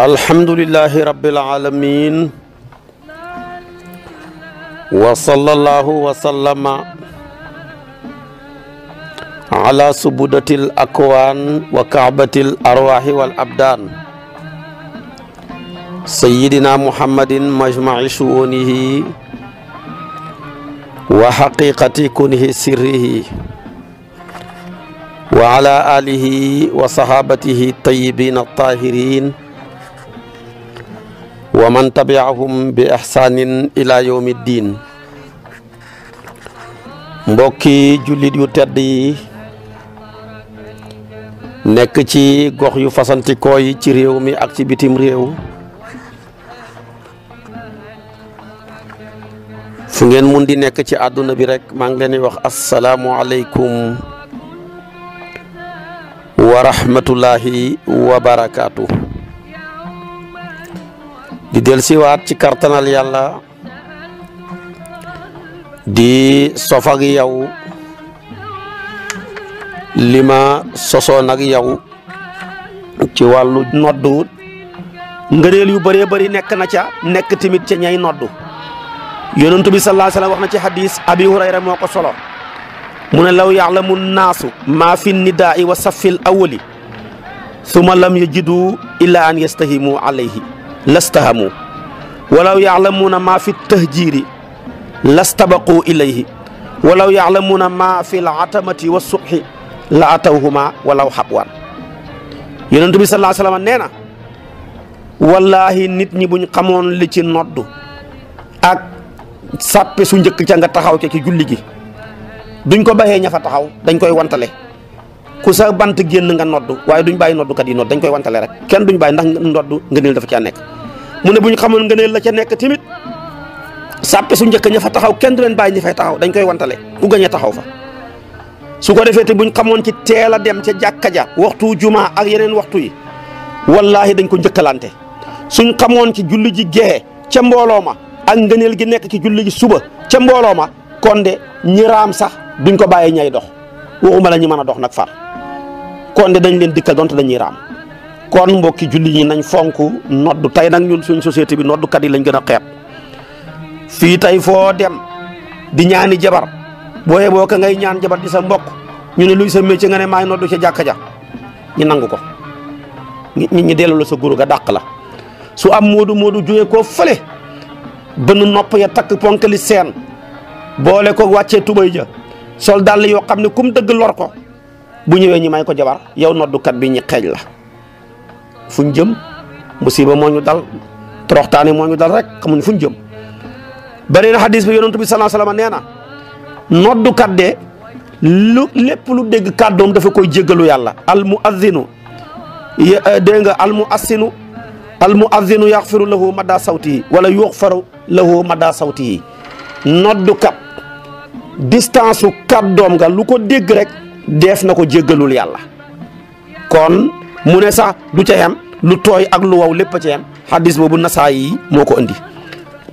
الحمد لله رب العالمين وصلى الله وسلم على سبودة الأكوان وكعبة الأرواح والأبدان سيدنا محمد مجمع شؤونه وحقيقة كنه سره وعلى آله وصحابته الطيبين الطاهرين wa tabiahum bi ihsaanin ila yawmi diin mbokki jullit yu tedd yi nekk ci gox yu fasantikoo yi ci réew mi ak ci bitim réew fu ngeen mun di nekk ci àdduna bi rek maa ngi leen di wax asalaamu aleykum wa rahmatullahi wa di wat ci kartanal yalla di sofagi yau lima li ma sosoon yow ci walu noddu ngëneel yu bëree bëri nek na ca nek timit ci ñay noddu yonentu bi sallallahu alaihi wasallam waxna ci hadis abi hurayra moko solo mun law ya'lamu nasu ma fi nida'i wa safil awwali thumma lam yajidu illa an yastahimu alayhi lastahamu walau ya'lamuna ma fi tahjiri lastabaqu ilayhi walau ya'lamuna ma fi al'atamati was-subhi atawhuma walau habwan yunus bi sallallahu alayhi wasallam neena wallahi nit ñi buñ xamoon li ci noddu ak sàppe su njëkk ci nga taxaw ca ci julli gi duñ ko ñafa taxaw dañ koy wantalé ku sa bant genn nga noddu waye duñ bàyyi noddukat yi nodd dañ koy wantale rek kenn duñ bayyi ndax noddu ngeenel dafa caa nek mu ne buñ xamoon ngeenel la ca nek timit sàppe su njëkk ñafa taxaw kenn du leen bàyyi ñi fay taxaw dañ koy wantale ku gagne taxaw fa su ko defete buñ xamone ci téla dem ci jakka ja waxtu juma ak yeneen waxtu yi wallahi dañ ko njëkkalante suñ xamone ci julli ji gexe ci mbooloo ma ak ngeenel gi nek ci julli ji suba ci mbooloo ma kon de ñi sax duñ ko bayyi ñay dox waxuma la ñi mëna dox nak far kon de dañ leen dikkal donte dañuy raam kon mbokki julli ñi nañ fonku noddu tay nak ñun suñu société bi kat yi lañ gëna xépp fi tay fo dem di ñaani jabar boye boo ka ngay ñaan jabar di sa mbokk ñu ne luy sa métier nga ne maay noddu ci jakka ja ñi nangu ko nit ñi delu sa guru ga dakk la su am modu modu jóge ko fele bënn nopp ya tak ponkali sen bolé ko wàccee tubay ja sol dal yo xamni kum dëgg lor ko bu ñëwee ñi may ko jabar yow noddukat bi ñi xeej la fuñ jëm musiba moo ñu dal toroxtaane moo ñu dal rek xamuñ fuñ jëm bari na xadis bi yonent bi sallallahu alayhi wasallam nee na noddukat de lu lépp lu dégg doom dafa koy jéggalu yàlla al muazzinu euh, dégg nga al muassinu al muazzinu yaxfiru lahu madda sawtihi wala yuxfaru lahu madda sawtihi noddukat distance su kàddoom nga lu ko dégg rek deef na ko jéggalul yàlla kon mu ne sax du ca yem lu tooy ak lu waw lépp a ca yem xaddis boobu nasaa yi moo ko indi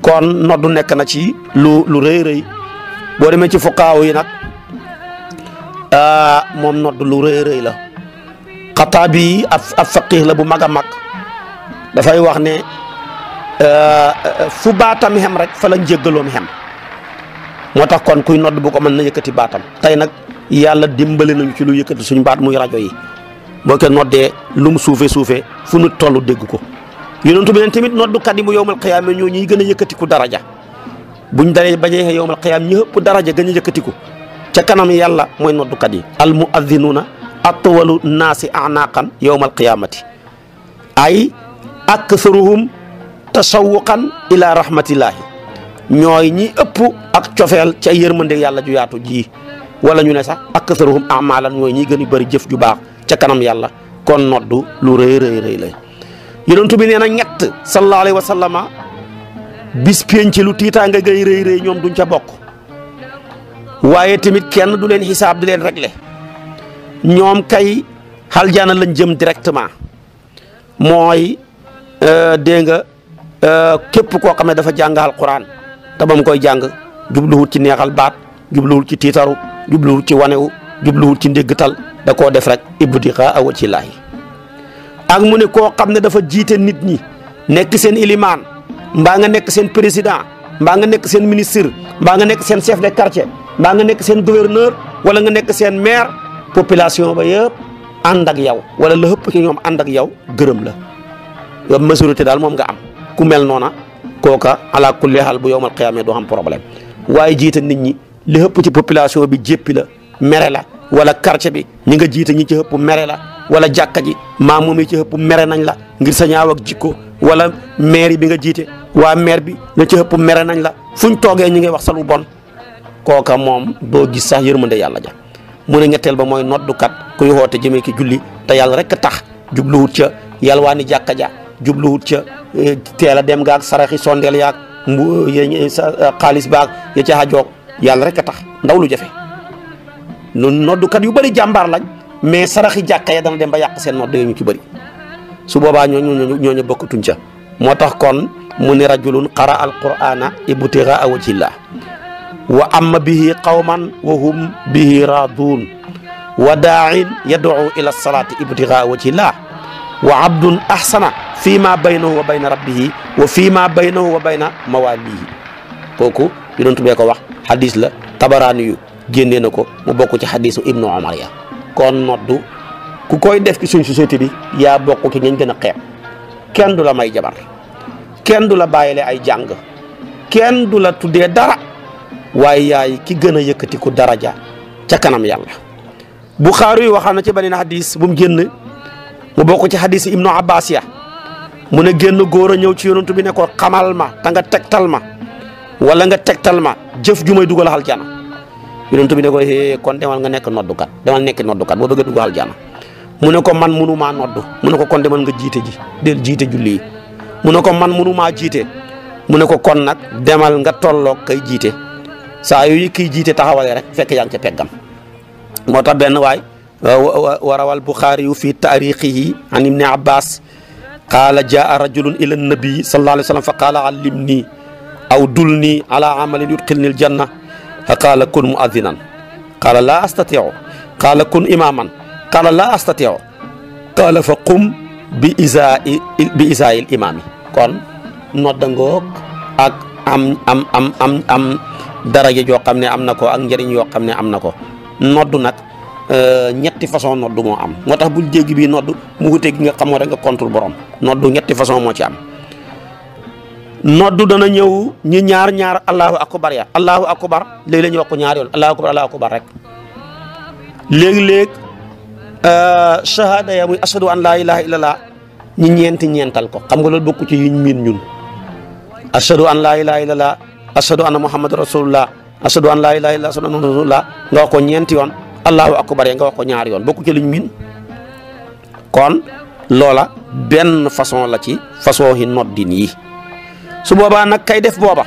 kon noddu nekk na ci lu lu rëy rëy boo demee ci fukkaaw yi nag ah, moom noddu lu rëy rëy la xataabi ab ab la bu mag a mag dafay wax ne ah, fu baatam xem rek fa la njéggaloom xem moo tax kon kuy nodd bu ko mën na yëkkati baatam yàlla dimbali nañu ci lu yëkkati suñu baat muy rajo yi boo ko noddee lu mu suufe suufe fu nu tollu dégg ko yonentu bi neen tamit noddukat yi mu yowmal xiyaama ñu ñuy gën a yëkkatiku daraja buñ ñu bañee yowmal xiyaam ñi ëpp daraja gën a yëkkatiku ca kanam yàlla mooy noddukat yi al muaddinuuna atwalu naasi anaqan yowmal qiyaamati ay aktharuhum tasawuqan ila rahmatillahi ñooy ñi ëpp ak cofeel ca yërmande yàlla ju yaatu ji wala ñu ne sax aksaruhum amalan ñooy ñi gën a bëri jëf ju baax ca kanam yàlla kon noddu lu rëy rëy rëy la yonent bi nee na ñett sallallahu alayhi wa sallama bis pénc lu tiitaanga gay rëy rëy ñoom duñ ca bokk waaye tamit kenn du leen xisaab di leen réglé ñoom kay xaljaana lañ jëm directement mooy euh, dégg nga euh, képp koo xam ne dafa jàng alquran te ba mu koy jàng jubluwul ci neexal baat jubluwul ci tiitaru jubluwul ci wanewu jubluwul ci ndéggtal da koo def rek ibtigaa wajhi laahi ak mu ne koo xam ne dafa jiite nit ñi nekk seen ilimaan mbaa nga nekk seen président mbaa nga nekk seen ministre mbaa nga nekk seen chef de quartier mbaa nga nekk seen gouverneur wala nga nekk seen maire population ba yëpp ànd ak yow wala la ëpp ki ñoom ànd ak yow gërëm la yow majorité daal moom nga am ku mel noona kooka ala kulli haal bu yowmal qiyaama doo am problème li ëpp ci population bi jéppi la mere la wala quartier bi ñi nga jiite ñi ci ëpp mere la wala jàkka ji maa moom yi ci ëpp mere nañ la ngir sa ñaaw ak jikko wala maire bi nga jiite waa maire bi ña ci ëpp mere nañ la fu ñu toogee ñu ngi wax sa bon kooka moom doo gis sax yërmande yàlla ja mu ne ñetteel ba mooy noddukat kuy woote jëmee ki julli te yàlla rek tax jubluwut ca yalwaani jàkka ja jubluwut ca eh, teel a dem gaag saraxi sondeel yaag mbu eh, eh, xaalis baag ya ca yalla rek tax ndaw lu nu noddu kat yu bari jambar lañ mais saraxi jàkka ya dana dem ba yak sen noddu ñu ci bari su ñoo ñoo ñooñu bokkatuñ ca moo kon muni rajulun qara alqur'ana wajhillah wa amma bihi qauman wa hum bihi radun wa daa'in yad'u ila as-salati ibtigaa wajhillah wa abdun ahsana fima baynahu wa bayna rabbih wa ma baynahu wa bayna mawalihi koku yonent ko wax hadis la tabarani yu génnee nako mu bokku ci ibnu umar ya kon noddu ku koy def ci sun society bi ya bokku ci ñañ gëna xex kenn dula may jabar kenn dula la ay jang kenn dula tuddé dara waye yaay ki gën a yëkkatiku daraja ca kanam yalla bukhari waxana ci banina hadis bu mu mu bokku ci hadis ibnu abbas ya mu ne génn goor ñew ñëw ci yonantu bi ne ko xamal ma ta nga tektal ma wala nga tegtal ma jëf ju may dugal aljana yonent bi ne ko kon demal nga nekk noddukat demal nekk noddukat boo bëgg a dugal mu ne ko man munumaa noddu mu ne ko kon demal nga jiite ji del jiite julli yi mu ne ko man munumaa jiite mu ne ko kon nag demal nga tolloog kay jiite saa yooyu kiy jiite taxawalee rek fekk yaa ngi ca peggam moo tax benn waay warawal buxaari yu fi taarixihi an ibni abbas qaala jaa rajulun ila nabi sallallahu alayhi wa sallam fa aw dul nii ala amalin yudxilnil janna qaala kun muadinan qaala laa astatiu qaala kun imaman qaala laa astatiu qaala fa qum bi isa bi isaayil imaami kon ak am daraja joo xam ne am na ko ak njëriñ yoo xam ne am na ko noddu nag euh, ñetti façon noddu moo am moo tax bul jéggi bii noddu mu wute gi nga xamoo rek nga contre borom noddu ñetti façon moo ci am noddu dana ñew ñi ñaar ñaar allahu akbar ya allahu akbar leg la ñu wax ñaar yoon allahu akbar allahu akbar rek leg euh shahada ya muy ashadu an la ilaha illallah ñi ñent ñental ko xam nga lool bokku ci yiñ min ñun ashadu an la ilaha illallah ashadu anna muhammad rasulullah ashadu an la ilaha illallah ashadu rasulullah nga ko yoon allahu akbar ya nga wax ko ñaar yoon bokku ci liñ min kon lola ben façon la ci façon hi noddin yi su boobaa nag kay def booba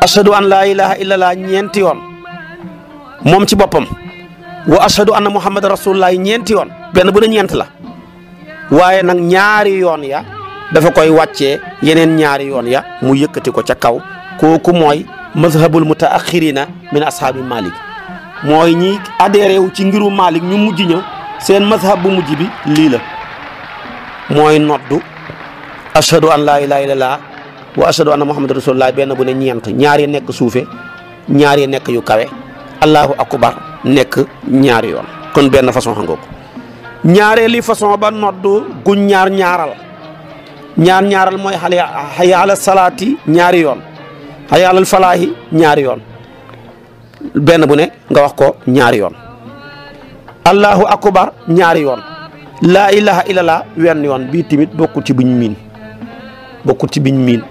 ashadu an laa ilaha illallah ñeenti yoon moom ci boppam wa ashadu anna muhammad rasulullah ñeenti yoon benn bu ne ñeent la waaye nag ñaari yoon ya dafa koy wàccee yeneen ñaari yoon ya mu yëkkati ko ca kaw kooku mooy mazhabul mutaaxirina min ashaabi malik mooy ñi adhéré wu ci ngiru malik ñu mujj ñëw seen mazhab bu mujj bi lii la mooy noddu ashadu an laa ilaha illallah wa ashadu anna muhammad rasulullah benn bu ne ñeent ñaar yi nekk suufe ñaar nekk yu kawe allahu akbar nekk ñaari yoon kon benn façon xam nga ko façon ba noddu gu ñaar ñaaral ñaar ñaaral mooy xale hayya salaati ñaari yoon hayya alal falaahi ñaari yoon benn bu ne nga wax ko ñaari yoon allahu akbar ñaari yoon laa ilaha illallah wenn yoon bii tamit bokkul ci biñ miin bokkul ci biñ miin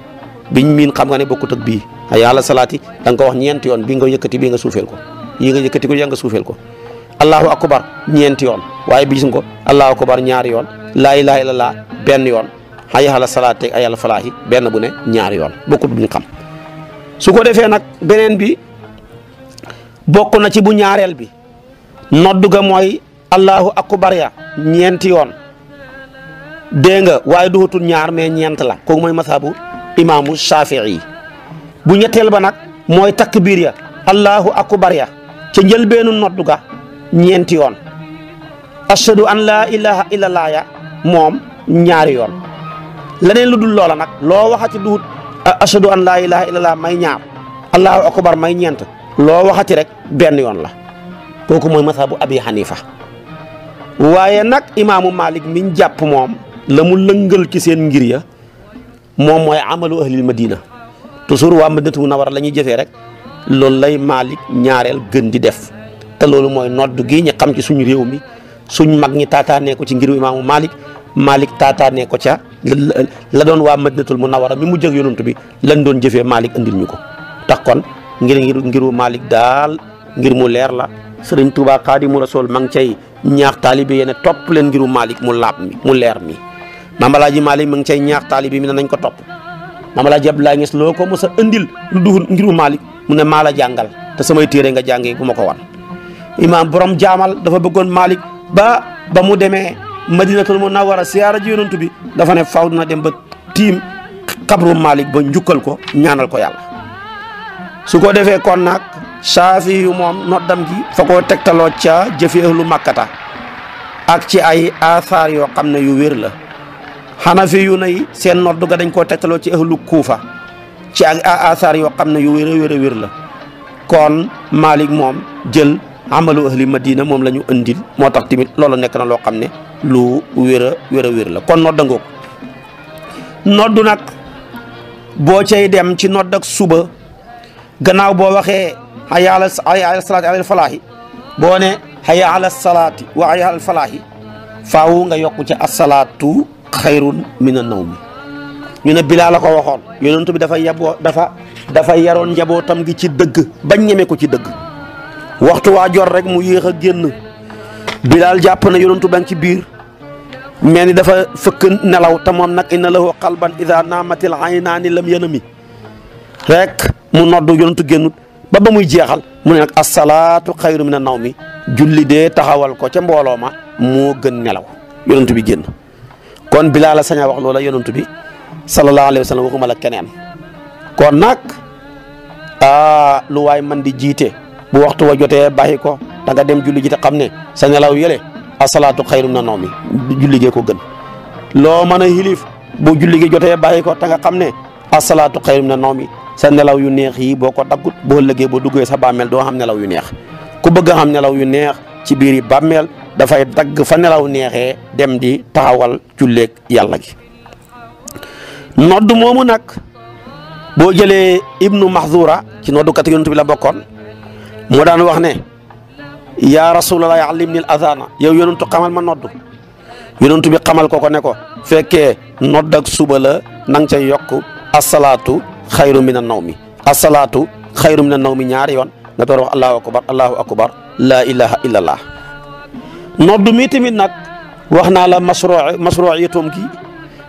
biñ miin xam nga ne bokkut ak bii ay yàlla salaati da ko wax ñeenti yoon bii nga yëkkati bii nga suufeel ko yii nga yëkkati ko yaa nga suufeel ko allahu akbar ñeenti yoon waaye bi gis nga ko allahu akbar ñaari yoon laa ilaaha illallaah benn yoon ay yàlla salaati ay yàlla benn bu ñaari yoon bokkut buñ xam su ko defee nag beneen bi na ci bu ñaareel bi noddu mooy allahu akbar ya ñeenti yoon dégg nga waaye du hutul ñaar mais ñeent la mooy masaabu imam syafi'i bu ñettel ba nak moy takbir ya allahu akbar ya ca benu noddu ga ñent yoon ashhadu an la ilaha illallah ya mom ñaar yoon leneen luddul lola nak lo waxati duut ashhadu an la ilaha illallah may ñaar allahu akbar may ñent lo waxati rek ben yoon la koku moy masabu abi hanifa waye nak imam malik minja pumom mom lamu leungal ci sen ngir ya moom mooy amalu ahlil madina toujours waa madinatu na wara lañuy jëfee rek loolu lay Malick ñaareel gën di def te loolu mooy noddu gi ñu xam ci suñu réew mi suñ mag ñi taataanee ko ci ngir imaamu Malick Malick taataanee ko ca la doon waa madinatul munawara mi mu jëg yonantu bi lañ doon jëfee Malick andil ñu ko tax kon ngir ngir ngiru Malick daal ngir mu leer la sëriñ Tuubaa Xaadimu Rasuul ma ngi cay ñaax taalibe yéen topp leen ngiru Malick mu laab mi mu leer mi maam Alaaji Maalik mu ngi cay ñaax taalibe mi ne nañ ko topp maam Alaaji Abdoulaye Niass loo ko mos a indil lu duhul ngiru malik mu ne maa la jàngal te samay téere nga jàngee bu ma ko wan imaam borom jaamal dafa bëggoon Maalik ba ba mu demee madinatul munawwara siyaara ji yonantu bi dafa ne faw dina dem ba tiim xabru Maalik ba njukkal ko ñaanal ko yàlla su ko defee kon nag saafi yu moom noddam ji fa koo tegtaloo ca jëfee lu makkata ak ci ay asaar yoo xam ne yu wér la xanafi yu na yi seen nodd ga dañ koo tegtaloo ci ahlu kuufa ci ak asaar yoo xam ne yu wér a wér a wér la kon Malik moom jël amalu ahli madina moom lañu ñu moo tax tamit loolu nekk na loo xam ne lu wér a wér wér la kon nodd ngoog nodd nag boo cay dem ci nodd ak suba gannaaw boo waxee hayya ala hayya salaati ala falaahi boo ne hayya salaati wa hayya falaahi faawu nga yokku ci asalaatu xayrun min an-nawm ñu ne bilaa la ko waxoon yonent bi dafa yaboo dafa dafa yaroon njabootam gi ci dëgg bañ ñeme ko ci dëgg waxtu waa jor rek mu yéex a génn bilaal jàpp na yonentu ba ngi ci biir mel ni dafa fëkk nelaw te moom nag inna lahu qalban ida naamatil aynaani lam yanami rek mu nodd yonentu génnut ba ba muy jeexal mu ne nag asalaatu xayru mina naw mi julli dee taxawal ko ca mbooloo ma moo gën nelaw yonentu bi génn kon bilaa la saña wax loola yonent bi sallallahu alayhi wa sallam waxuma la keneen kon nag ah lu waay man di jiite bu waxtu wa jotee bàyyi ko da nga dem julli ji xam ne sa nelaw yële asalaatu xayru na noomi julli gee ko gën loo mën a xilif bu julli jotee bàyyi ko te nga xam ne asalaatu xayru na noomi sa nelaw yu neex yi boo ko daggut boo lëggee boo duggee sa bàmmeel doo xam nelaw yu neex ku bëgg xam nelaw yu neex ci biir yi bàmmeel dafay dag fa nelaw nexé dem di taxawal julleeg yàlla gi nodd momu nak bo jele ibnu mahzura ci noddu kat yonntu bi la bokkon mo daan wax ne ya rasulallah ya'limni al-adhana yow yonntu xamal ma nodd yonntu bi xamal ko ko ne ko fekkee nodd ak suba la nang nga yok as-salatu xayru min an-nawmi as-salatu xayru min an-nawmi ñaar yon yoon nga door wax allahu akbar allahu akbar la ilaha illallah nodd mi tamit nag wax naa la masruu masruuyatum gi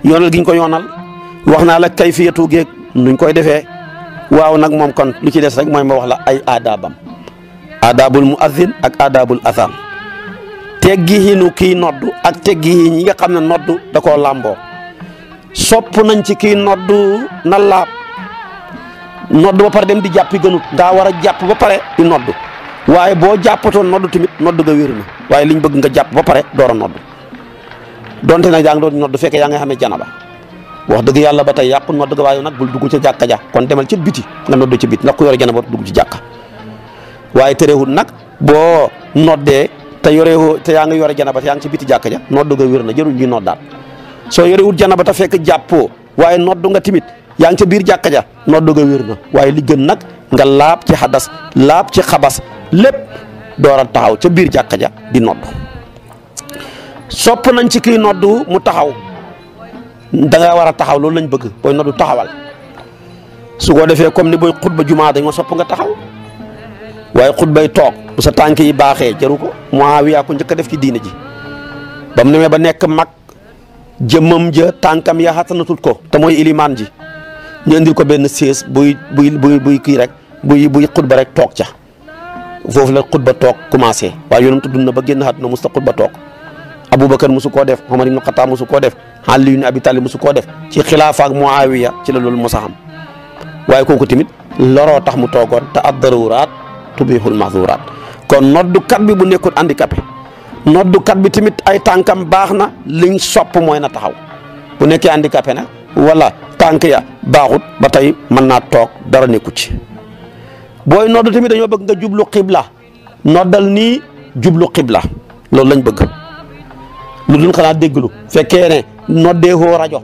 yoonal gi ñu ko yoonal wax naa la kayfiyatu geeg nuñ koy defee waaw nag moom kon lu ci des rek mooy ma wax la ay aadaabam aadaabul muazzin ak aadaabul azaan teggihinu kii nodd ak teggihi ñi nga xam ne nodd da koo làmboo sopp nañ ci kii nodd na laab nodd ba pare dem di jàppi gënut daa war a jàpp ba pare di nodd waye bo jàppatoon noddu timit noddu ga wirna waye liñ bëgg nga japp ba pare doron a nodd donte nag jang ngi fekk ya nga xamé janaba wax dëgg yalla ba tay yaq noddu ga wayu nak bul duggu ci jakka ja kon demal ci biti nga noddu ci biti nak ku yore janaba duggu ci jàkka waaye nak bo noddé ta yoré yorewoo ta ya nga yore janaba ya nga ci biti jakka ja noddu ga wirna jëru jërul ñuy so yoré yorewul janaba ta fekk jappo waye noddu nga timit ya nga ci bir jakka ja noddu ga wirna waye li gën nak nga laab ci hadas ci khabas lepp door a taxaw ci bir di nodd sopp nañ ci ki nodd mu taxaw da nga wara taxaw lolou lañ bëgg boy noddu taxawal su ko defé comme ni khutba juma da nga sopp nga taxaw khutba xutbay tok bu sa tanki yi baxé jaru ko Muawiya ko ñëk def ci diina ji bam mu ba nek mak jëmëm je tankam ya xatanatut ko te moy iliman ji ko ben buy buy buy ki rek buy buy khutba rek tok ca foofu la xutba toog commencé waaye yonentu dund na ba génn àdduna musta xutba toog aboubacar musu koo def omar ibnu xataab musu koo def ali ibnu abi talib musu koo def ci xilaafa ak muawiya ci la loolu mosa xam waaye kooku tamit loroo tax mu toogoon te ad daruraat tubihul mahduuraat kon noddukat bi bu nekkul handicapé noddukat bi tamit ay tànkam baax na ling sopp mooy na taxaw bu nekkee handicapé nag wala tànk ya baaxut ba tey mën naa toog dara nekku ci booy nodd tamit dañoo bëgg nga jublu xibla noddal ni jublu xibla loolu lañ bëgg lu dul xalaat dégglu fekkee ne noddee hoo rajo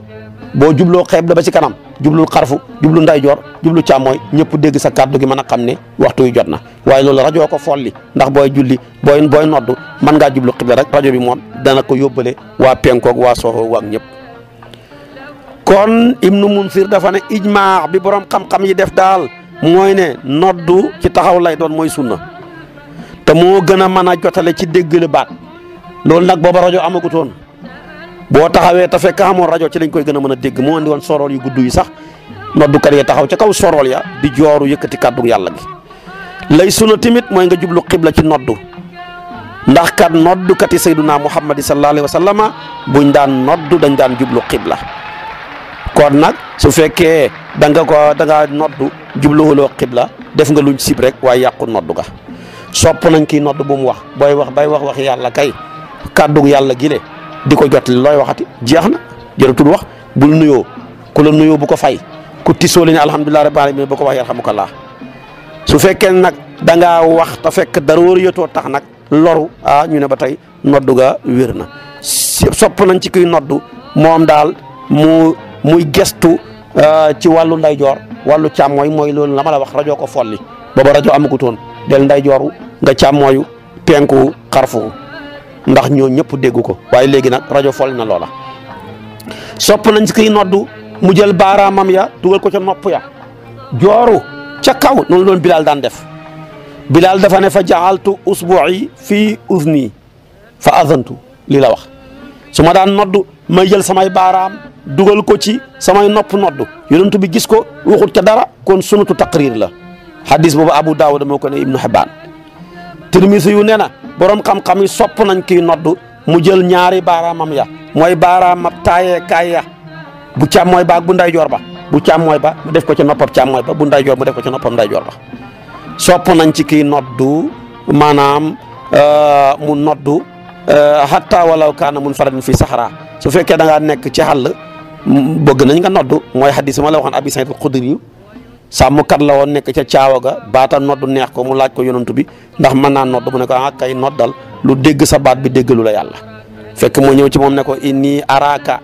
boo jubloo xibla ba ci kanam jublul xarfu jublu ndeyjoor jublu càmmooy ñëpp dégg sa kàddu gi mën a xam ne waxtu wi jot na waaye lool rajo ko folli ndax booy julli booy booy noddu mën ngaa jublu xibla rek rajo bi moom dana ko yóbbale waa penkoog waa soxoog waa ñëpp kon ibnu munsir dafa ne ijmaa bi borom xam-xam yi def daal moy ne noddu ci taxaw lay doon moy sunna te mo gëna mëna jotale ci le baat nak nag booba amagu ton bo taxawé ta fekk amoon radio ci lañ koy gëna mëna dégg mo andi won sorol yu guddu yi sax noddu kariya taxaw ci kaw sorol ya di jooru yëkëti kaddu yalla gi lay sunna timit moy nga jublu qibla ci noddu ndax kat noddukati sayyiduna muhammad sallallahu alaihi wasallam buñ daan noddu dañ daan jublu qibla kon nak su fekkee da nga ko da nga noddu jubluwuloo qibla def nga luñ sib rek way yaqku noddu ga sop nañ ki noddu bu mu wax boy wax bay wax wax yalla kay kàddu yàlla gile di ko jotali loy waxati jeexna na wax bul nuyo ku la nuyo bu ko fay ku tiso liñ alhamdulilah rabbil alamin bu ko wax yarhamukallah su fekke nak da nga wax ta fek daror yoto tax nak loru ah ñu ne batay noddu ga wér sop nañ ci ki noddu mom dal mu muy gestu Euh, ci wàllu ndeyjoor wàllu càmmooy mooy loolu la ma la wax rajo ko folli booba rajo amagutoon del ndeyjooru nga càmmooyu penku xarfu ndax ñoo ñëpp dégg ko waaye léegi nag rajo folli na loola sopp nañ si kiy noddu mu jël baaraamam ya dugal ko ca nopp ya jooru ca kaw noonu loon daan def Bilal dafa ne fa jaxaltu usbu'i fii uzni fa azantu li la wax su ma daan noddu may jël samay baaraam dugal ko ci samay nopp nodd yonentou bi gis ko waxut ca dara kon sunatu taqrir la hadis bobu abu Dawud moo ko ne ibnu hibban tirmisi yu neena na borom xam-xam yi sopp nañ kiy nodd mu jël ñaari baramam ya baram ma taayee kay ya bu moy ba bu nday jor ba bu moy ba mu def ko ci noppam moy ba bu jor mu def ko ci nday jor ba sopp nañ ci ki noddu manam euh, mu noddu euh, hatta walau kana mun fi Sahara, su fekke da nga nek ci hall bëgg nañ nga noddu moy hadith ma la waxoon abi sayyid al xudri yu kat la won nek ci caawa ga baata noddu neex ko mu laaj ko yonentu bi ndax man na nodd mu ne ko ah kay noddal lu dégg sa baat bi lu la yàlla fekk mo ñëw ci mom ne ko inni araka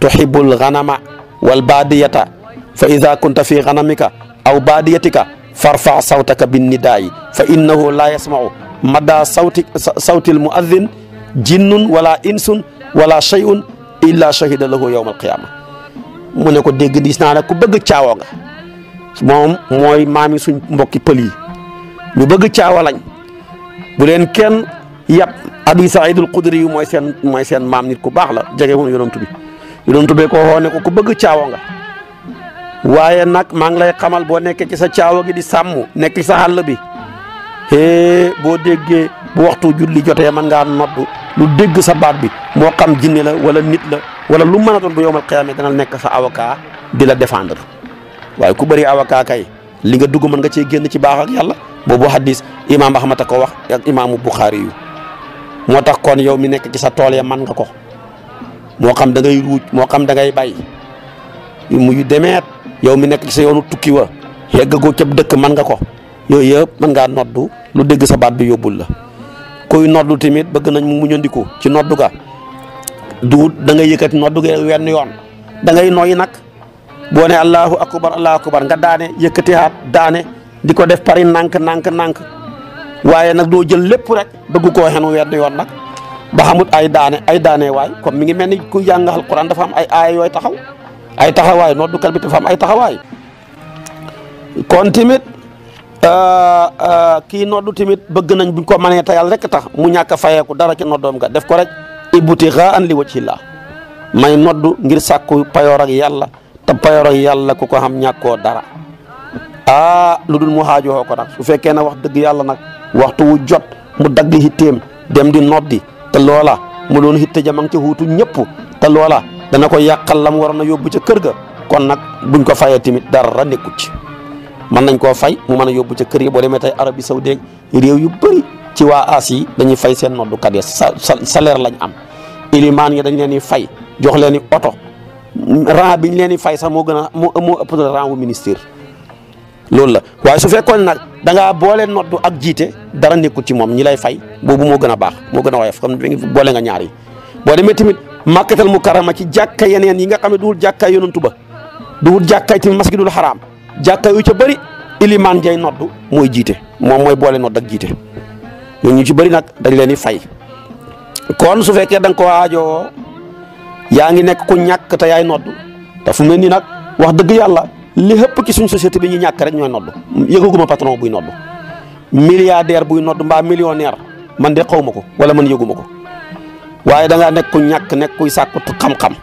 tuhibbul ghanama wal badiyata fa ida kunta fi ghanamika aw badiyatika farfa sawtaka bin nidai fa innahu la yasmau mada sawti sawtil muadhdhin jinnun wala insun wala shay'un illa shahida lahu yawma alqiyama mu ne ko dégg diis naa nag ku bëgg caawoo moom mooy maami suñ mbokki pël yi ñu bëgg caawa lañ bu leen kenn yab abi saidul xudri yu mooy seen mooy seen maam nit ku baax la jege woon yonantu bi yonantu bi ko xoo ne ku bëgg caawa nga waaye nag maa ngi lay xamal boo nekkee ci sa caawa gi di sàmm nekk ci sa àll bi hee boo déggee bu waxtu julli jotee man nga noddu lu dégg sa baat bi mo xam jinni la wala nit la wala lu mëna doon bu yowmal qiyamé dana nek sa avocat di la défendre way ku bari avocat kay li nga dugg man nga ci génn ci baax ak hadis Imam Ahmad ko wax ak imam bukhari yu moo kon yow mi nek ci sa tool ya man nga ko mo xam da ngay ruuj mo xam da ngay bay yau demet yow mi nek ci sa yoonu tukki wa go ci dekk man nga ko yoy yeb man nga noddu lu dégg sa baat bi yobul la kuy noddu tamit bëgg nañ mu muñandiku ci noddu ga du da ngay yëkkati noddu ga wenn yoon da ngay noyyi nag boo ne allahu akbar allahu akbar nga daane yëkkati haat daane di ko def pari nànk nànk nànk waaye nag doo jël lépp rek bëgg koo xenu wenn yoon nag ba xamut ay daane ay daane waay comme mi ngi mel ni ku jàng alquran dafa am ay aaya yooy taxaw ay taxawaay noddukat bi dafa ay taxawaay kon tamit Euh, euh, kii noddu tamit bëgg nañ buñ ko mënee tayal rek tax mu ñàkk fayeeku dara ci noddoom ga def ko rek ibtigaa an li wajhillah may noddu ngir sàkku payoor ak yàlla te payoor yàlla ku ko xam ñàkkoo dara aa ah, lu dul mu xaajoo ko nag su fekkee ne wax dëgg yàlla nag waxtu wu jot mu dagg hitteem dem di noddi te loola mu doon hitte jamang ci huutu ñëpp te loola dana ko yàqal la mu waroon a yóbbu ca kër ga kon nag buñ ko fayee tamit dara nekkut ci man nañ ko fay mu meuna a ci kër yi ya. bo demé tay Arabie Saoudite réew yu bari ci wa asi dañuy fay sen noddu ya salaire lañ am iliman ya dañ leen fay jox leen i oto rang biñ leen fay sa mo gëna mo moo ëpp na rangu ministère lool la waaye su fekkoon nak da ngaa boole noddu ak jité dara nekkul ci mom ñi lay fay boobu moo gën a baax moo gën comme bi nga ñaar yi bo demé timit màkkatal mukarrama ci jakka yenen yi nga xamé jakka yonentuba jakka ci masjidul haram jakkay yu iliman bari iliman jey noddu moy jité mom moy bolé nodd ak jité ñu ñu ci bari nak dañ leen fay kon su fekke dang ko aajoo yaangi nek ku ñak ta yaay noddu ta fu melni ni wax deug yalla li hepp ci suñu société bi ñi ñak rek ñoy noddu yeguguma patron buy noddu milliardaire buy noddu mba millionnaire man de xawmako wala man yëguma ko waye da nga nek ku ñak nek ku sakku xam-xam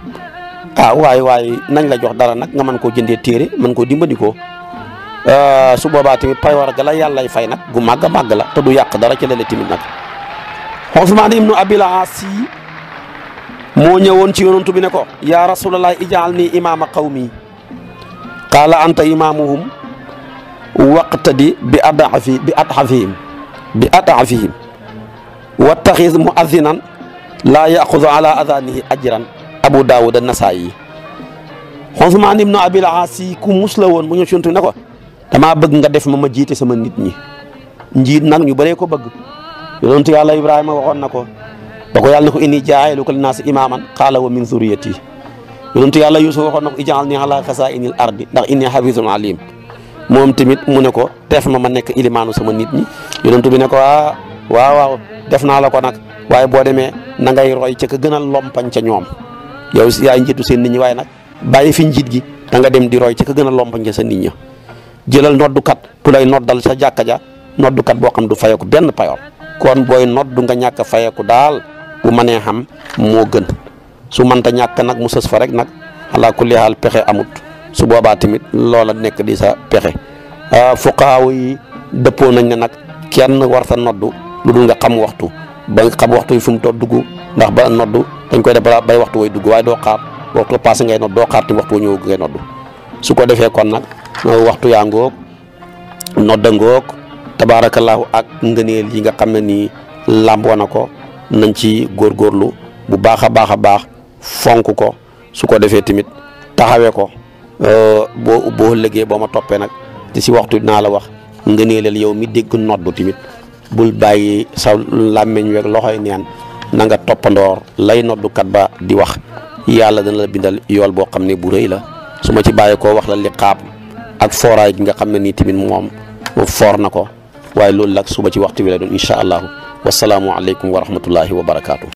ah way way nañ la jox dara nak nga ko jëndé téré man ko koo euh su boobaa tamit paywar ga la yàllay fay nak gu magga màgg la te du yak dara ci lele timit Uthman ibn Abi al-As mo ñewon ci yonentu bi ne ko ya rasulullah ij'alni imam qawmi qala anta Imamuhum, waqtadi bi adhafi bi adafihim bi adafihim wattaxis mu'adhinan la ya'khudhu ala adanihi ajran Abu Daawud Nasaa'i Usmaan ibnu Abil Aas ku mus la woon mu ñëw suntu ne ko damaa bëgg nga def ma ma jiite sama nit ñi njiit nag ñu bëree ko bëgg yonentu yàlla Ibrahima waxoon na ko ba ko yàlla ne ko inni jaa'iluka linnaasi imaaman qaala wa min zurriyati yonentu yàlla Yuusuf waxoon na ko ij'alnii alaa xasaa'inil ardi ndax inni hafiizun aliim moom tamit mu ne ko def ma ma nekk ilimaanu sama nit ñi yonentu bi ne ko ah waaw def naa la ko nag waaye boo demee na ngay roy ca ka gën a yow yaay njiitu seen nit ñi nak nag bàyyi fi gi da nga dem di roy ci ka gëna a lompoñ sa nit ñi jëlal noddukat ku lay noddal sa jakka ja noddukat bo xam du fayeku ben payoor kon boy noddu nga ñaka fayeku dal bu mané xam mo gën su ta ñàkk nak mu seuf fa rek nak ala kulli hal pexé amut su boba timit loola nekk di sa pexe ah, fuqaaw yi depo nañ ne nak kenn war sa noddu lu du nga xam waxtu ba nga xam waxtu fu mu toddu ndax ba noddu dañ koy def balaa bay waxtu way dugg waaye doo xaar waxtu passé ngay nodd doo xaar te waxtu wa ñëw ngay nodd su ko defee kon nag euh, waxtu yaa ngoog nodda ngoog tabaarakallaahu ak ngëneel yi nga xam ne nii làmboo na ko nañ ci góorgóorlu bu baax a baax a baax fonk ko su ko defee tamit taxawee ko euh, boo boo lëggee boo ma toppee nag te si waxtu dinaa la wax ngëneelal yow mi dégg noddu tamit bul bàyyi sa làmmiñ weeg loxoy neen na nga toppandoor lay noddukat ba di wax yàlla dana la bindal yool boo xam ne bu rëy la su ma ci bàyyi koo wax la li xaab ak fooraay gi nga xam ne nii tamit moom foor na ko waaye loolu nag suba ci waxtu wi la doon incha allahu wasalaamualeykum wa rahmatullahi wa barakaatu.